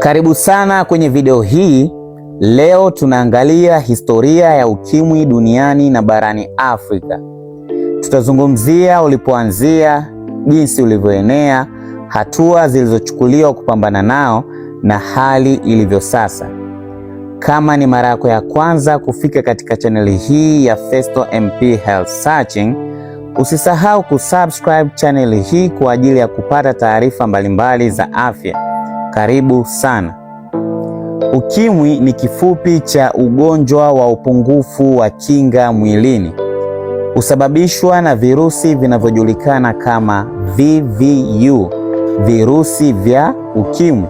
Karibu sana kwenye video hii. Leo tunaangalia historia ya ukimwi duniani na barani Afrika. Tutazungumzia ulipoanzia, jinsi ulivyoenea, hatua zilizochukuliwa kupambana nao na hali ilivyo sasa. Kama ni mara yako ya kwanza kufika katika chaneli hii ya Festo MP Health Searching, usisahau kusubscribe chaneli hii kwa ajili ya kupata taarifa mbalimbali za afya karibu sana. UKIMWI ni kifupi cha ugonjwa wa upungufu wa kinga mwilini. Husababishwa na virusi vinavyojulikana kama VVU, virusi vya UKIMWI.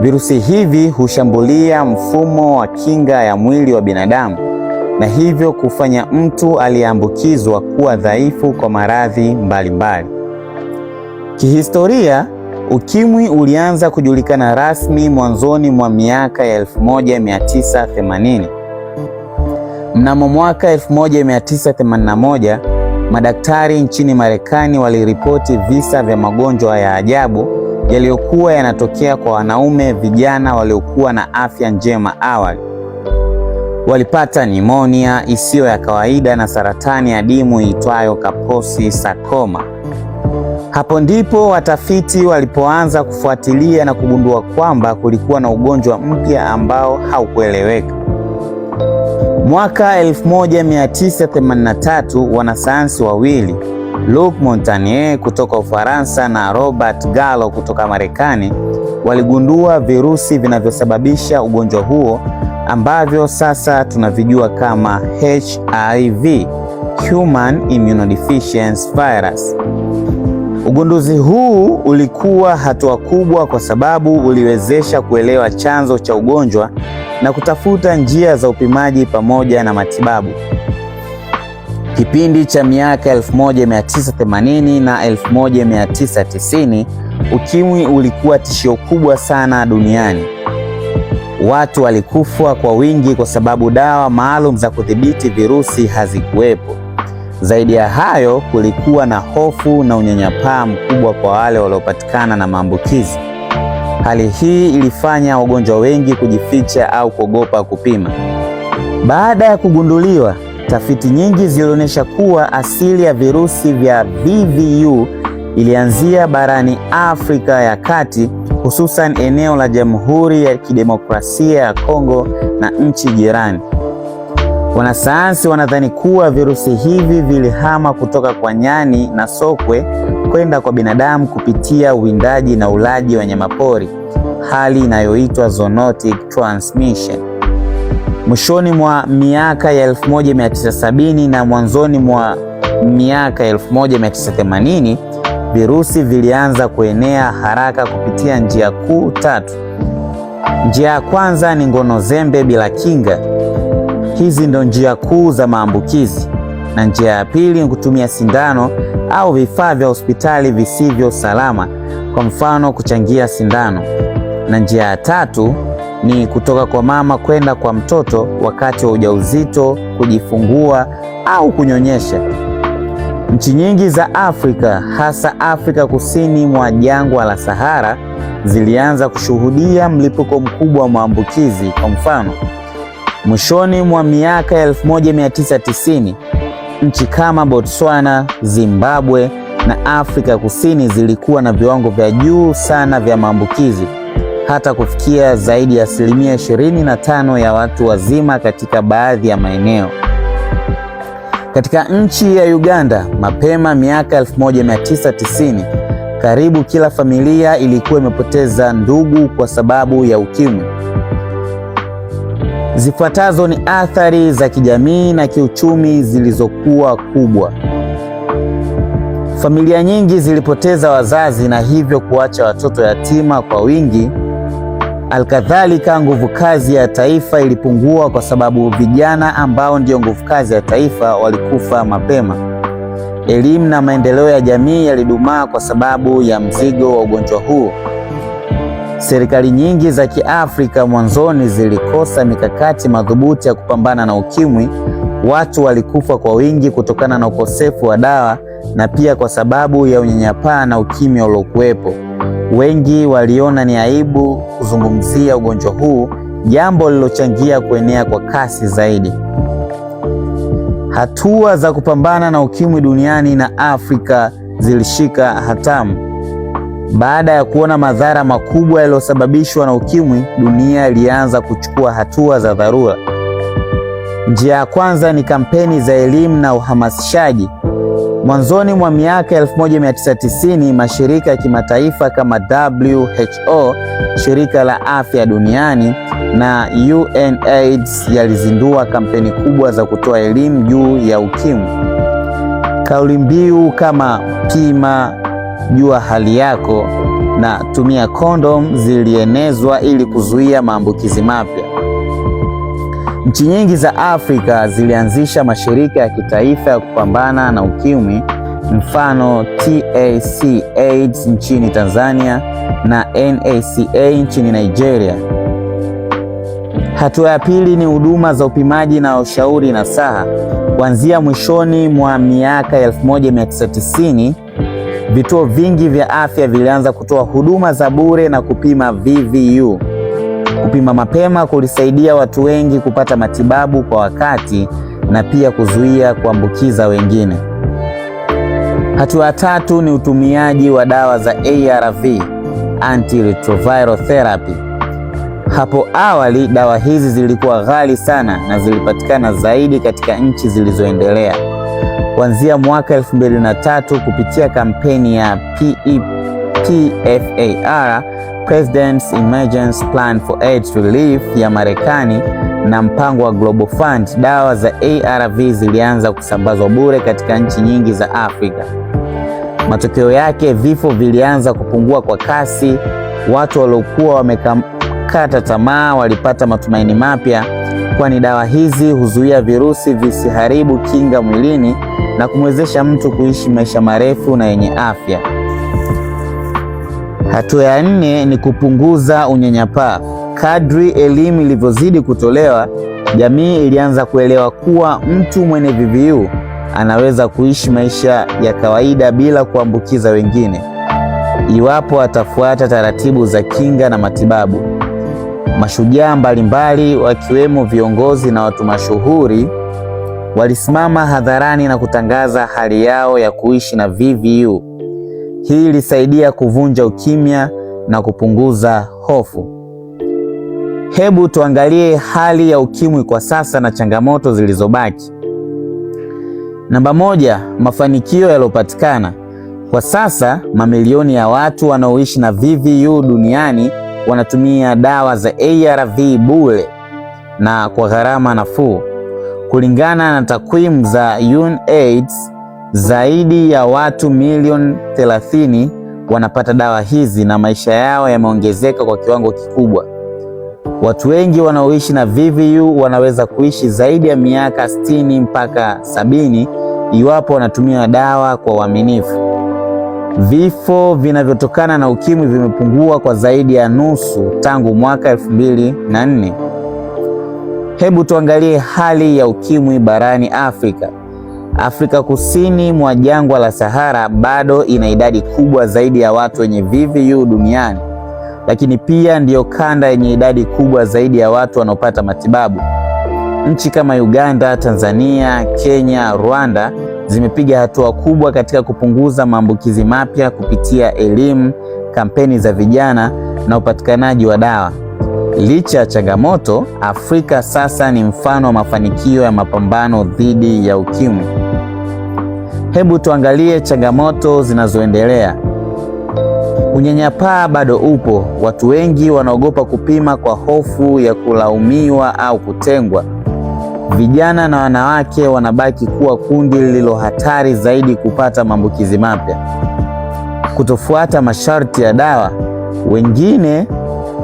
Virusi hivi hushambulia mfumo wa kinga ya mwili wa binadamu na hivyo kufanya mtu aliyeambukizwa kuwa dhaifu kwa maradhi mbalimbali. Kihistoria, Ukimwi ulianza kujulikana rasmi mwanzoni mwa miaka ya 1980. Mnamo mwaka 1981, madaktari nchini Marekani waliripoti visa vya magonjwa ya ajabu yaliyokuwa yanatokea kwa wanaume vijana waliokuwa na afya njema awali. Walipata nimonia isiyo ya kawaida na saratani ya dimu iitwayo Kaposi sarcoma. Hapo ndipo watafiti walipoanza kufuatilia na kugundua kwamba kulikuwa na ugonjwa mpya ambao haukueleweka. Mwaka 1983 wanasayansi wawili Luc Montagnier kutoka Ufaransa na Robert Gallo kutoka Marekani waligundua virusi vinavyosababisha ugonjwa huo ambavyo sasa tunavijua kama HIV, Human Immunodeficiency Virus. Ugunduzi huu ulikuwa hatua kubwa kwa sababu uliwezesha kuelewa chanzo cha ugonjwa na kutafuta njia za upimaji pamoja na matibabu. Kipindi cha miaka 1980 na 1990, ukimwi ulikuwa tishio kubwa sana duniani. Watu walikufa kwa wingi kwa sababu dawa maalum za kudhibiti virusi hazikuwepo. Zaidi ya hayo, kulikuwa na hofu na unyanyapaa mkubwa kwa wale waliopatikana na maambukizi. Hali hii ilifanya wagonjwa wengi kujificha au kuogopa kupima. Baada ya kugunduliwa, tafiti nyingi zilionyesha kuwa asili ya virusi vya VVU ilianzia barani Afrika ya Kati, hususan eneo la Jamhuri ya Kidemokrasia ya Kongo na nchi jirani. Wanasayansi wanadhani kuwa virusi hivi vilihama kutoka kwa nyani na sokwe kwenda kwa binadamu kupitia uwindaji na ulaji wa nyamapori, hali inayoitwa zoonotic transmission. Mwishoni mwa miaka ya 1970 na mwanzoni mwa miaka ya 1980, virusi vilianza kuenea haraka kupitia njia kuu tatu. Njia ya kwanza ni ngono zembe bila kinga. Hizi ndo njia kuu za maambukizi, na njia ya pili ni kutumia sindano au vifaa vya hospitali visivyo salama, kwa mfano kuchangia sindano. Na njia ya tatu ni kutoka kwa mama kwenda kwa mtoto wakati wa ujauzito, kujifungua au kunyonyesha. Nchi nyingi za Afrika hasa Afrika kusini mwa jangwa la Sahara zilianza kushuhudia mlipuko mkubwa wa maambukizi. Kwa mfano Mwishoni mwa miaka 1990 nchi kama Botswana, Zimbabwe na Afrika Kusini zilikuwa na viwango vya juu sana vya maambukizi hata kufikia zaidi ya asilimia 25 ya watu wazima katika baadhi ya maeneo. Katika nchi ya Uganda mapema miaka 1990, karibu kila familia ilikuwa imepoteza ndugu kwa sababu ya ukimwi. Zifuatazo ni athari za kijamii na kiuchumi zilizokuwa kubwa. Familia nyingi zilipoteza wazazi na hivyo kuacha watoto yatima kwa wingi. Alkadhalika, nguvu kazi ya taifa ilipungua kwa sababu vijana ambao ndio nguvu kazi ya taifa walikufa mapema. Elimu na maendeleo ya jamii yalidumaa kwa sababu ya mzigo wa ugonjwa huu. Serikali nyingi za Kiafrika mwanzoni zilikosa mikakati madhubuti ya kupambana na ukimwi. Watu walikufa kwa wingi kutokana na ukosefu wa dawa na pia kwa sababu ya unyanyapaa na ukimya uliokuwepo. Wengi waliona ni aibu kuzungumzia ugonjwa huu, jambo lilochangia kuenea kwa kasi zaidi. Hatua za kupambana na ukimwi duniani na Afrika zilishika hatamu. Baada ya kuona madhara makubwa yaliyosababishwa na ukimwi, dunia ilianza kuchukua hatua za dharura. Njia ya kwanza ni kampeni za elimu na uhamasishaji. Mwanzoni mwa miaka 1990 mashirika ya kimataifa kama WHO, shirika la afya duniani na UNAIDS yalizindua kampeni kubwa za kutoa elimu juu ya ukimwi. Kauli mbiu kama pima jua hali yako na tumia kondom zilienezwa ili kuzuia maambukizi mapya. Nchi nyingi za Afrika zilianzisha mashirika ya kitaifa ya kupambana na UKIMWI, mfano TAC AIDS nchini Tanzania na NACA nchini Nigeria. Hatua ya pili ni huduma za upimaji na ushauri na saha Kuanzia mwishoni mwa miaka 1990 vituo vingi vya afya vilianza kutoa huduma za bure na kupima VVU. Kupima mapema kulisaidia watu wengi kupata matibabu kwa wakati na pia kuzuia kuambukiza wengine. Hatua tatu ni utumiaji wa dawa za ARV, antiretroviral therapy. Hapo awali dawa hizi zilikuwa ghali sana na zilipatikana zaidi katika nchi zilizoendelea kuanzia mwaka 2003 kupitia kampeni ya PEPFAR, President's Emergency Plan for AIDS Relief ya Marekani na mpango wa Global Fund, dawa za ARV zilianza kusambazwa bure katika nchi nyingi za Afrika. Matokeo yake, vifo vilianza kupungua kwa kasi. Watu waliokuwa wamekata tamaa walipata matumaini mapya kwani dawa hizi huzuia virusi visiharibu kinga mwilini na kumwezesha mtu kuishi maisha marefu na yenye afya. Hatua ya nne ni kupunguza unyanyapaa. Kadri elimu ilivyozidi kutolewa, jamii ilianza kuelewa kuwa mtu mwenye VVU anaweza kuishi maisha ya kawaida bila kuambukiza wengine iwapo atafuata taratibu za kinga na matibabu. Mashujaa mbalimbali wakiwemo viongozi na watu mashuhuri walisimama hadharani na kutangaza hali yao ya kuishi na VVU. Hii ilisaidia kuvunja ukimya na kupunguza hofu. Hebu tuangalie hali ya ukimwi kwa sasa na changamoto zilizobaki. Namba moja, mafanikio yaliyopatikana. Kwa sasa mamilioni ya watu wanaoishi na VVU duniani wanatumia dawa za ARV bure na kwa gharama nafuu. Kulingana na takwimu za UNAIDS, zaidi ya watu milioni 30 wanapata dawa hizi na maisha yao yameongezeka kwa kiwango kikubwa. Watu wengi wanaoishi na VVU wanaweza kuishi zaidi ya miaka 60 mpaka 70 iwapo wanatumia dawa kwa uaminifu. Vifo vinavyotokana na ukimwi vimepungua kwa zaidi ya nusu tangu mwaka 2004. Hebu tuangalie hali ya ukimwi barani Afrika. Afrika Kusini mwa jangwa la Sahara bado ina idadi kubwa zaidi ya watu wenye VVU duniani, lakini pia ndiyo kanda yenye idadi kubwa zaidi ya watu wanaopata matibabu. Nchi kama Uganda, Tanzania, Kenya, Rwanda zimepiga hatua kubwa katika kupunguza maambukizi mapya kupitia elimu, kampeni za vijana na upatikanaji wa dawa. Licha ya changamoto, Afrika sasa ni mfano wa mafanikio ya mapambano dhidi ya ukimwi. Hebu tuangalie changamoto zinazoendelea. Unyanyapaa bado upo. Watu wengi wanaogopa kupima kwa hofu ya kulaumiwa au kutengwa. Vijana na wanawake wanabaki kuwa kundi lililo hatari zaidi kupata maambukizi mapya. Kutofuata masharti ya dawa, wengine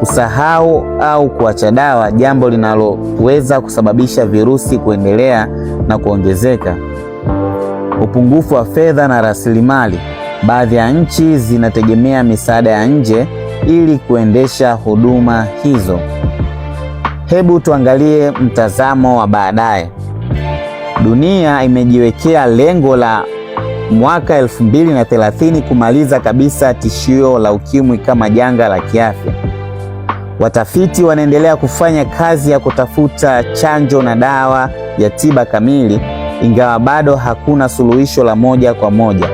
kusahau au kuacha dawa, jambo linaloweza kusababisha virusi kuendelea na kuongezeka. Upungufu wa fedha na rasilimali. Baadhi ya nchi zinategemea misaada ya nje ili kuendesha huduma hizo. Hebu tuangalie mtazamo wa baadaye. Dunia imejiwekea lengo la mwaka 2030 kumaliza kabisa tishio la ukimwi kama janga la kiafya. Watafiti wanaendelea kufanya kazi ya kutafuta chanjo na dawa ya tiba kamili, ingawa bado hakuna suluhisho la moja kwa moja.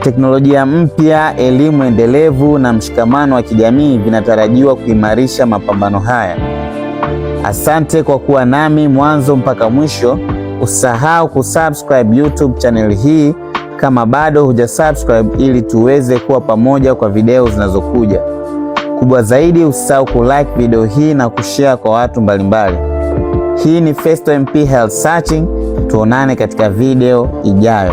Teknolojia mpya, elimu endelevu na mshikamano wa kijamii vinatarajiwa kuimarisha mapambano haya. Asante kwa kuwa nami mwanzo mpaka mwisho. Usahau kusubscribe YouTube channel hii kama bado hujasubscribe, ili tuweze kuwa pamoja kwa video zinazokuja. Kubwa zaidi, usisahau kulike video hii na kushare kwa watu mbalimbali. Hii ni Festo MP Health Searching. Tuonane katika video ijayo.